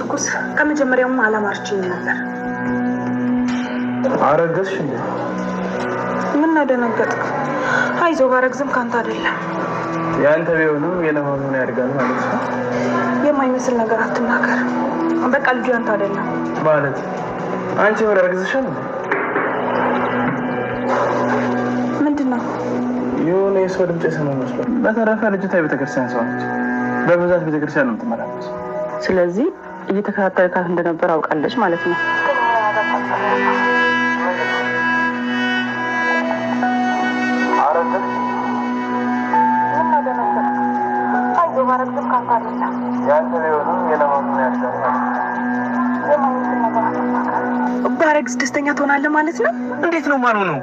ርኩስ ከመጀመሪያውም አላማርችኝ ነበር። አረገዝሽ ምን አደነገጥክ? አይዞ ባረግዝም ከአንተ አይደለም። የአንተ ቢሆንም የለመሆኑ ያድጋል ማለት ነው። የማይመስል ነገር አትናገር። በቃ ልጁ ያንተ አይደለም ማለት አንቺ ምን አረግዝሻል? ምንድን ነው የሆነ የሰው ድምፅ የሰማ መስሏል። በተረፈ ልጅቷ የቤተክርስቲያን ሰው ነች። በብዛት ቤተክርስቲያን ነው የምትመላለስ። ስለዚህ እየተከታተልካት እንደነበር አውቃለች ማለት ነው። ባረግዝ ደስተኛ ትሆናለህ ማለት ነው። እንዴት ነው ማኑ ነው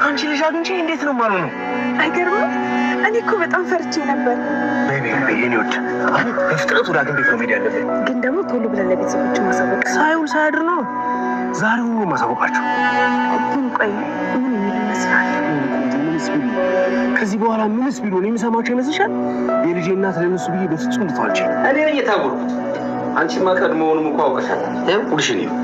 ከአንቺ ልጅ አግኝቼ እንዴት ነው ማኑ ነው? አይገርምም። እኔ እኮ በጣም ፈርቼ ነበር። የኔ በፍጥነት ወደ ሐኪም ቤት ነው መሄድ ያለብን። ግን ደግሞ ቶሎ ብለን ለቤተሰቦች ማሳወቅ ሳይሆን ሳያድር ነው ዛሬውኑ ማሳወቃቸው። ግን ቆይ ምን ይመስላል? ከዚህ በኋላ ምንስ ቢሉ ነው የሚሰማቸው ይመስልሻል? የልጄ እናት ለነሱ ብዬ በፍጹም ልተዋቸው። እኔ ነኝ የታወርኩት። አንቺማ ቀድሞውንም እኮ አውቀሻል። ሁልሽን ነው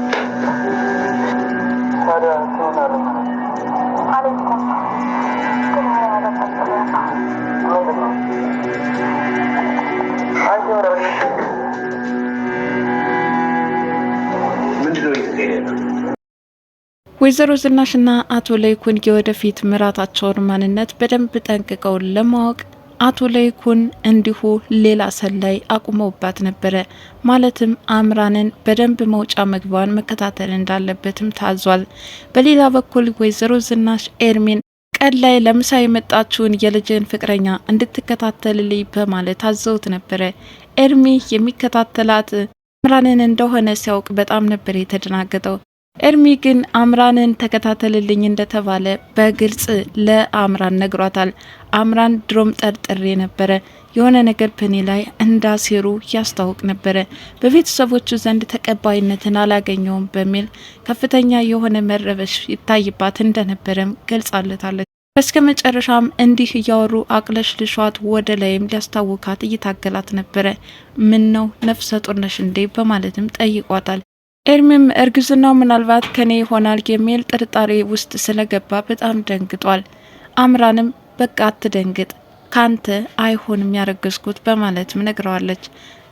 ወይዘሮ ዝናሽና አቶ ለይኩን የወደፊት ምራታቸውን ማንነት በደንብ ጠንቅቀው ለማወቅ አቶ ለይኩን እንዲሁ ሌላ ሰላይ አቁመውባት ነበረ። ማለትም አምራንን በደንብ መውጫ መግባዋን መከታተል እንዳለበትም ታዟል። በሌላ በኩል ወይዘሮ ዝናሽ ኤርሚን ቀን ላይ ለምሳ የመጣችውን የልጅን ፍቅረኛ እንድትከታተልልኝ በማለት አዘውት ነበረ። ኤርሚ የሚከታተላት አምራንን እንደሆነ ሲያውቅ በጣም ነበር የተደናገጠው። ኤርሚ ግን አምራንን ተከታተልልኝ እንደተባለ በግልጽ ለአምራን ነግሯታል። አምራን ድሮም ጠርጥሬ ነበረ የሆነ ነገር በእኔ ላይ እንዳሴሩ ያስታውቅ ነበረ። በቤተሰቦቹ ዘንድ ተቀባይነትን አላገኘውም በሚል ከፍተኛ የሆነ መረበሽ ይታይባት እንደነበረም ገልጻለታለች። እስከ መጨረሻም እንዲህ እያወሩ አቅለሽ ልሿት ወደ ላይም ሊያስታውካት እየታገላት ነበረ። ምን ነው ነፍሰ ጡርነሽ እንዴ በማለትም ጠይቋታል። ኤርሚም እርግዝናው ምናልባት ከኔ ይሆናል የሚል ጥርጣሬ ውስጥ ስለገባ በጣም ደንግጧል። አምራንም በቃ አትደንግጥ፣ ካንተ አይሆንም ያረገዝኩት በማለትም ነግረዋለች።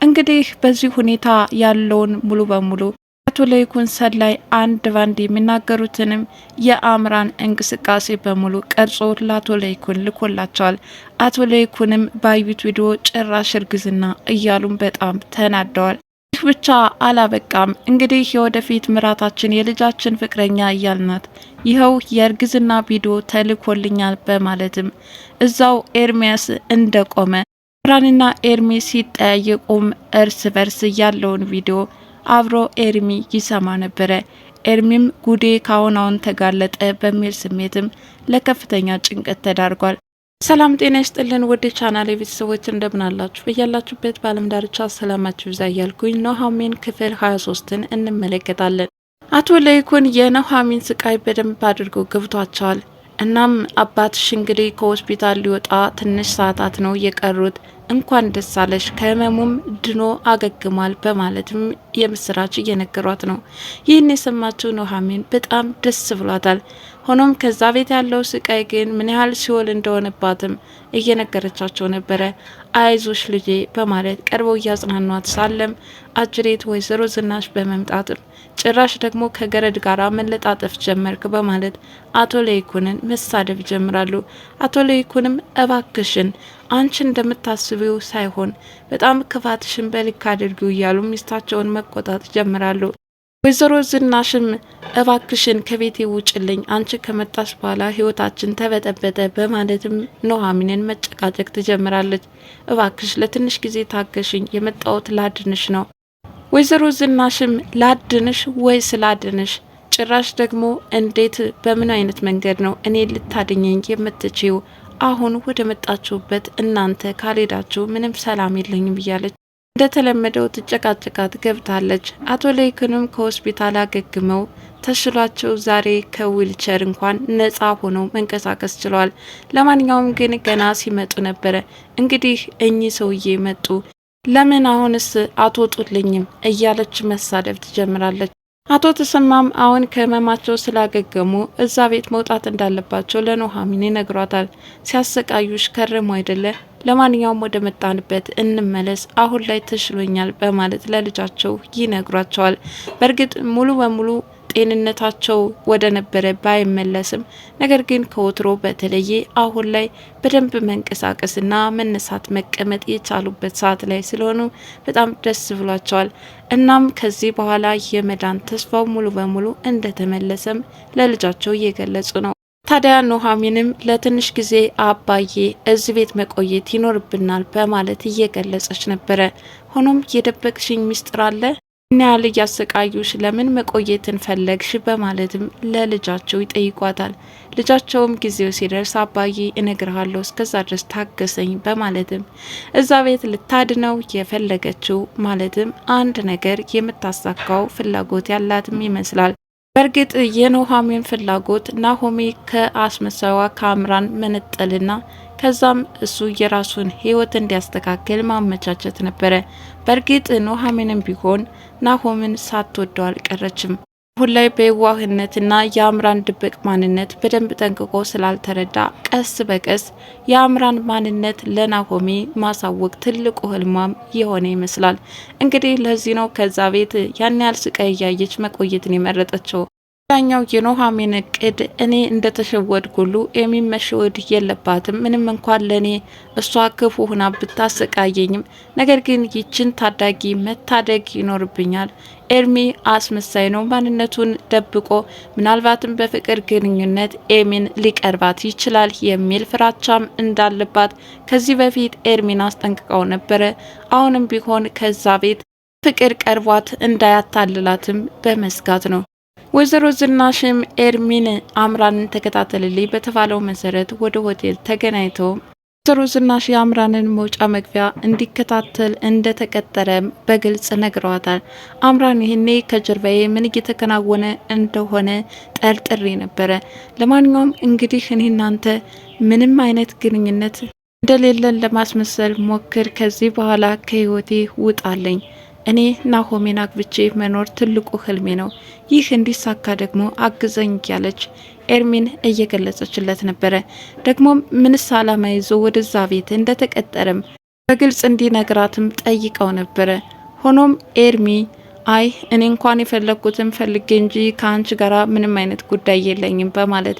እንግዲህ በዚህ ሁኔታ ያለውን ሙሉ በሙሉ አቶ ለይኩን ሰላይ አንድ ባንድ የሚናገሩትንም የአምራን እንቅስቃሴ በሙሉ ቀርጾ ለአቶ ለይኩን ልኮላቸዋል። አቶ ለይኩንም ባዩት ቪዲዮ ጭራሽ እርግዝና እያሉም በጣም ተናደዋል። ብቻ አላበቃም። እንግዲህ የወደፊት ምራታችን የልጃችን ፍቅረኛ እያልናት ይኸው የእርግዝና ቪዲዮ ተልኮልኛል በማለትም እዛው ኤርሚያስ እንደቆመ ብርሃንና ኤርሚ ሲጠያየቁም እርስ በርስ ያለውን ቪዲዮ አብሮ ኤርሚ ይሰማ ነበረ። ኤርሚም ጉዴ ካሁን አሁን ተጋለጠ በሚል ስሜትም ለከፍተኛ ጭንቀት ተዳርጓል። ሰላም ጤና ይስጥልን ውድ ቻናል ቤተሰቦች እንደምን አላችሁ? በያላችሁበት በዓለም ዳርቻ ሰላማችሁ ይብዛ እያልኩኝ ኑሐሚን ክፍል 23ን እንመለከታለን። አቶ ለይኩን የኑሐሚን ስቃይ በደንብ አድርጎ ገብቷቸዋል። እናም አባትሽ እንግዲህ ከሆስፒታል ሊወጣ ትንሽ ሰዓታት ነው የቀሩት እንኳን ደስ አለሽ ከህመሙም ድኖ አገግሟል በማለትም የምስራች እየነገሯት ነው። ይህን የሰማችው ኑሐሚን በጣም ደስ ብሏታል። ሆኖም ከዛ ቤት ያለው ስቃይ ግን ምን ያህል ሲኦል እንደሆነባትም እየነገረቻቸው ነበረ። አይዞሽ ልጄ በማለት ቀርበው እያጽናኗት ሳለም አጅሬት ወይዘሮ ዝናሽ በመምጣትም ጭራሽ ደግሞ ከገረድ ጋር መለጣጠፍ ጀመርክ በማለት አቶ ለይኩንን መሳደብ ይጀምራሉ። አቶ ለይኩንም እባክሽን አንቺ እንደምታስቢው ሳይሆን በጣም ክፋትሽን በልክ አድርጊው እያሉ ሚስታቸውን መቆጣት ጀምራሉ። ወይዘሮ ዝናሽም እባክሽን ከቤቴ ውጭልኝ፣ አንቺ ከመጣሽ በኋላ ህይወታችን ተበጠበጠ በማለትም ኑሐሚንን መጨቃጨቅ ትጀምራለች። እባክሽ ለትንሽ ጊዜ ታገሽኝ፣ የመጣሁት ላድንሽ ነው። ወይዘሮ ዝናሽም ላድንሽ ወይስ ላድንሽ? ጭራሽ ደግሞ እንዴት በምን አይነት መንገድ ነው እኔ ልታድኘኝ የምትችይው? አሁን ወደ መጣችሁበት እናንተ ካልሄዳችሁ ምንም ሰላም የለኝም ብያለች እንደተለመደው ትጨቃጨቃት ገብታለች። አቶ ለይክንም ከሆስፒታል አገግመው ተሽሏቸው ዛሬ ከዊልቸር እንኳን ነጻ ሆነው መንቀሳቀስ ችለዋል። ለማንኛውም ግን ገና ሲመጡ ነበረ እንግዲህ እኚህ ሰውዬ መጡ፣ ለምን አሁንስ አትወጡልኝም እያለች መሳደብ ትጀምራለች። አቶ ተሰማም አሁን ከህመማቸው ስላገገሙ እዛ ቤት መውጣት እንዳለባቸው ለኑሐሚን ይነግሯታል። ሲያሰቃዩሽ ከርሞ አይደለ? ለማንኛውም ወደ መጣንበት እንመለስ፣ አሁን ላይ ተሽሎኛል በማለት ለልጃቸው ይነግሯቸዋል። በእርግጥ ሙሉ በሙሉ ጤንነታቸው ወደ ነበረ ባይመለስም ነገር ግን ከወትሮ በተለየ አሁን ላይ በደንብ መንቀሳቀስና መነሳት መቀመጥ የቻሉበት ሰዓት ላይ ስለሆኑ በጣም ደስ ብሏቸዋል። እናም ከዚህ በኋላ የመዳን ተስፋው ሙሉ በሙሉ እንደተመለሰም ለልጃቸው እየገለጹ ነው። ታዲያ ኑሐሚንም ለትንሽ ጊዜ አባዬ እዚህ ቤት መቆየት ይኖርብናል በማለት እየገለጸች ነበረ። ሆኖም የደበቅሽኝ ሚስጥር አለ እና ያህል እያሰቃዩሽ ለምን መቆየትን ፈለግሽ? በማለትም ለልጃቸው ይጠይቋታል። ልጃቸውም ጊዜው ሲደርስ አባዬ እነግርሃለሁ፣ እስከዛ ድረስ ታገሰኝ በማለትም እዛ ቤት ልታድነው የፈለገችው ማለትም አንድ ነገር የምታሳካው ፍላጎት ያላትም ይመስላል። በእርግጥ የኑሐሚን ፍላጎት ናሆሜ ከአስመሳይዋ ከአምራን መነጠልና ከዛም እሱ የራሱን ህይወት እንዲያስተካክል ማመቻቸት ነበረ። በእርግጥ ኑሐሚንም ቢሆን ናሆምን ሳትወደው አልቀረችም። አሁን ላይ በየዋህነትና የአምራን ድብቅ ማንነት በደንብ ጠንቅቆ ስላልተረዳ ቀስ በቀስ የአምራን ማንነት ለናሆሜ ማሳወቅ ትልቁ ህልሟም የሆነ ይመስላል። እንግዲህ ለዚህ ነው ከዛ ቤት ያን ያህል ስቃይ እያየች መቆየትን የመረጠችው። ዳኛው የኑሐሚን እቅድ እኔ እንደተሸወድ ሁሉ ኤሚን መሸወድ የለባትም። ምንም እንኳን ለእኔ እሷ ክፉ ሆና ብታሰቃየኝም፣ ነገር ግን ይችን ታዳጊ መታደግ ይኖርብኛል። ኤርሚ አስመሳይ ነው። ማንነቱን ደብቆ ምናልባትም በፍቅር ግንኙነት ኤሚን ሊቀርባት ይችላል የሚል ፍራቻም እንዳለባት ከዚህ በፊት ኤርሚን አስጠንቅቀው ነበረ። አሁንም ቢሆን ከዛ ቤት ፍቅር ቀርቧት እንዳያታልላትም በመስጋት ነው። ወይዘሮ ዝናሽም ኤርሚን አምራንን ተከታተልልኝ በተባለው መሰረት ወደ ሆቴል ተገናኝቶ ወይዘሮ ዝናሽ የአምራንን መውጫ መግቢያ እንዲከታተል እንደተቀጠረም በግልጽ ነግረዋታል። አምራን ይህኔ ከጀርባዬ ምን እየተከናወነ እንደሆነ ጠርጥሬ ነበረ። ለማንኛውም እንግዲህ እኔ እናንተ ምንም አይነት ግንኙነት እንደሌለን ለማስመሰል ሞክር፣ ከዚህ በኋላ ከህይወቴ ውጣለኝ እኔ ናሆሜን አግብቼ መኖር ትልቁ ህልሜ ነው። ይህ እንዲሳካ ደግሞ አግዘኝ እያለች ኤርሚን እየገለጸችለት ነበረ። ደግሞ ምንስ አላማ ይዞ ወደዛ ቤት እንደተቀጠረም በግልጽ እንዲነግራትም ጠይቀው ነበረ። ሆኖም ኤርሚ አይ እኔ እንኳን የፈለግኩትን ፈልጌ እንጂ ከአንቺ ጋር ምንም አይነት ጉዳይ የለኝም በማለት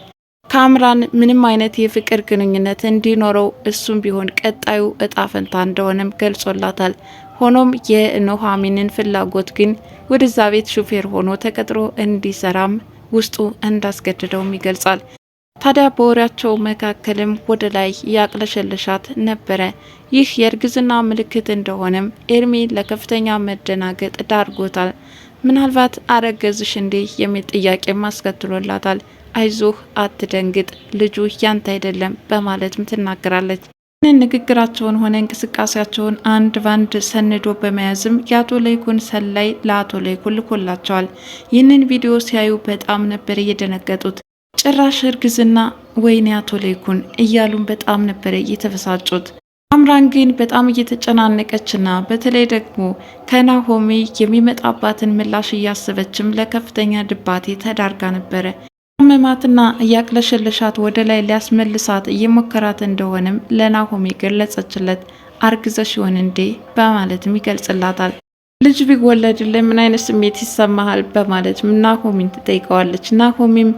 ከአምራን ምንም አይነት የፍቅር ግንኙነት እንዲኖረው እሱም ቢሆን ቀጣዩ እጣ ፈንታ እንደሆነም ገልጾላታል። ሆኖም የኑኃሚንን ፍላጎት ግን ወደዛ ቤት ሹፌር ሆኖ ተቀጥሮ እንዲሰራም ውስጡ እንዳስገድደውም ይገልጻል። ታዲያ በወሬያቸው መካከልም ወደ ላይ ያቅለሸለሻት ነበረ። ይህ የእርግዝና ምልክት እንደሆነም ኤርሚ ለከፍተኛ መደናገጥ ዳርጎታል። ምናልባት አረገዝሽ እንዴ የሚል ጥያቄም አስከትሎላታል። አይዞህ፣ አትደንግጥ፣ ልጁ ያንተ አይደለም በማለትም ትናገራለች። ንግግራቸውን ሆነ እንቅስቃሴያቸውን አንድ ባንድ ሰንዶ በመያዝም የአቶ ለይኩን ሰላይ ለአቶ ለይኩን ልኮላቸዋል። ይህንን ቪዲዮ ሲያዩ በጣም ነበር እየደነገጡት። ጭራሽ እርግዝና ወይኔ አቶ ለይኩን እያሉም በጣም ነበር እየተበሳጩት። አምራን ግን በጣም እየተጨናነቀችና በተለይ ደግሞ ከናሆሜ የሚመጣባትን ምላሽ እያሰበችም ለከፍተኛ ድባቴ ተዳርጋ ነበረ። መማትና እያቅለሸለሻት ወደ ላይ ሊያስመልሳት እየሞከራት እንደሆነም ለናሆሜ ገለጸችለት። አርግዘሽ ይሆን እንዴ በማለትም ይገልጽላታል። ልጅ ቢወለድልህ ምን አይነት ስሜት ይሰማሃል? በማለት ናሆሚን ትጠይቀዋለች። ናሆሚም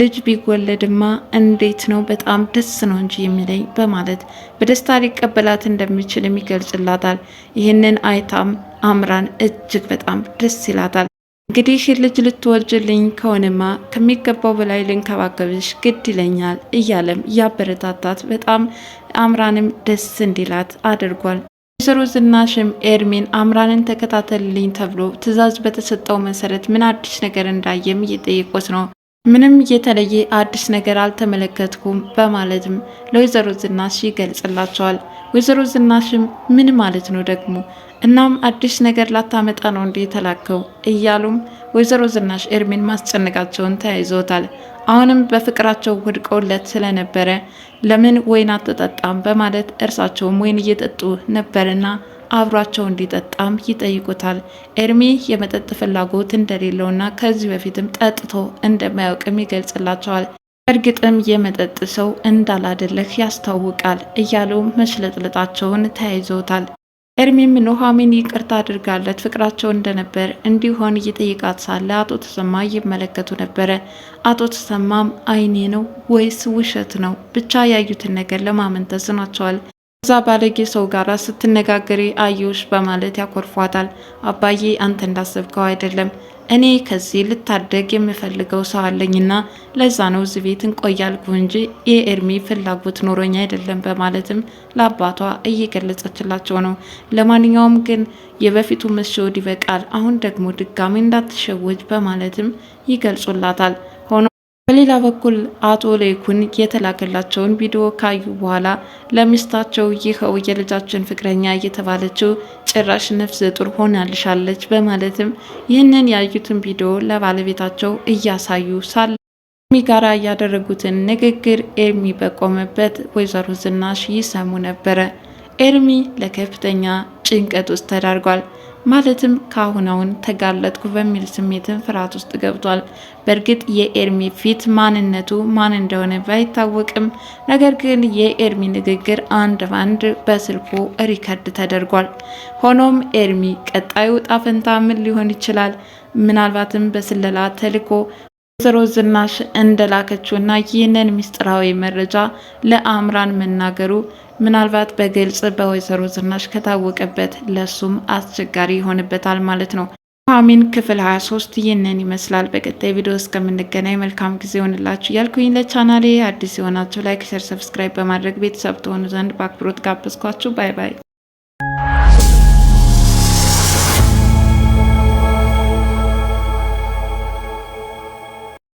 ልጅ ቢወለድማ እንዴት ነው በጣም ደስ ነው እንጂ የሚለኝ በማለት በደስታ ሊቀበላት እንደሚችል ይገልጽላታል። ይህንን አይታም አምራን እጅግ በጣም ደስ ይላታል። እንግዲህ ልጅ ልትወልጅልኝ ከሆነማ ከሚገባው በላይ ልንከባከብሽ ግድ ይለኛል እያለም እያበረታታት በጣም አምራንም ደስ እንዲላት አድርጓል። ወይዘሮ ዝናሽም ኤርሚን አምራንን ተከታተልልኝ ተብሎ ትዕዛዝ በተሰጠው መሰረት ምን አዲስ ነገር እንዳየም እየጠየቁት ነው። ምንም የተለየ አዲስ ነገር አልተመለከትኩም በማለትም ለወይዘሮ ዝናሽ ይገልጽላቸዋል። ወይዘሮ ዝናሽም ምን ማለት ነው ደግሞ እናም አዲስ ነገር ላታመጣ ነው እንዲህ ተላከው እያሉም ወይዘሮ ዝናሽ ኤርሚን ማስጨነቃቸውን ተያይዘውታል። አሁንም በፍቅራቸው ወድቀውለት ስለነበረ ለምን ወይን አትጠጣም በማለት እርሳቸውም ወይን እየጠጡ ነበርና አብሯቸው እንዲጠጣም ይጠይቁታል። ኤርሚ የመጠጥ ፍላጎት እንደሌለውና ከዚህ በፊትም ጠጥቶ እንደማያውቅም ይገልጽላቸዋል። እርግጥም የመጠጥ ሰው እንዳላደለህ ያስታውቃል እያሉ መሽለጥለጣቸውን ተያይዘውታል። እርሜም ኑሐሚን ይቅርታ አድርጋለት ፍቅራቸው እንደነበር እንዲሆን እየጠየቃት ሳለ አቶ ተሰማ እየመለከቱ ነበረ። አቶ ተሰማም አይኔ ነው ወይስ ውሸት ነው ብቻ ያዩትን ነገር ለማመን ተስኗቸዋል። ከዛ ባለጌ ሰው ጋር ስትነጋገሪ አየሁሽ በማለት ያኮርፏታል። አባዬ አንተ እንዳሰብከው አይደለም እኔ ከዚህ ልታደግ የምፈልገው ሰው አለኝና ለዛ ነው እዚህ ቤት እንቆያልኩ እንጂ የኤርሚ ፍላጎት ኖሮኝ አይደለም በማለትም ለአባቷ እየገለጸችላቸው ነው። ለማንኛውም ግን የበፊቱ መሸወድ ይበቃል፣ አሁን ደግሞ ድጋሚ እንዳትሸወጅ በማለትም ይገልጹላታል። በሌላ በኩል አቶ ለይኩን የተላከላቸውን ቪዲዮ ካዩ በኋላ ለሚስታቸው ይኸው የልጃችን ፍቅረኛ እየተባለችው ጭራሽ ነፍሰ ጡር ሆናልሻለች በማለትም ይህንን ያዩትን ቪዲዮ ለባለቤታቸው እያሳዩ ሳለ ኤርሚ ጋራ ያደረጉትን ንግግር ኤርሚ በቆመበት ወይዘሮ ዝናሽ ይሰሙ ነበረ። ኤርሚ ለከፍተኛ ጭንቀት ውስጥ ተዳርጓል። ማለትም ካሁናውን ተጋለጥኩ በሚል ስሜትን ፍርሃት ውስጥ ገብቷል። በእርግጥ የኤርሚ ፊት ማንነቱ ማን እንደሆነ ባይታወቅም፣ ነገር ግን የኤርሚ ንግግር አንድ በአንድ በስልኩ ሪከርድ ተደርጓል። ሆኖም ኤርሚ ቀጣዩ ጣፈንታ ምን ሊሆን ይችላል? ምናልባትም በስለላ ተልኮ ወይዘሮ ዝናሽ እንደላከችውና ይህንን ምስጢራዊ መረጃ ለአምራን መናገሩ ምናልባት በግልጽ በወይዘሮ ዝናሽ ከታወቀበት ለሱም አስቸጋሪ ይሆንበታል ማለት ነው። ኑሐሚን ክፍል 23 ይህንን ይመስላል። በቀጣይ ቪዲዮ እስከምንገናኝ መልካም ጊዜ ሆንላችሁ እያልኩኝ ለቻናሌ አዲስ የሆናችሁ ላይክ፣ ሸር፣ ሰብስክራይብ በማድረግ ቤተሰብ ትሆኑ ዘንድ በአክብሮት ጋበዝኳችሁ። ባይ ባይ።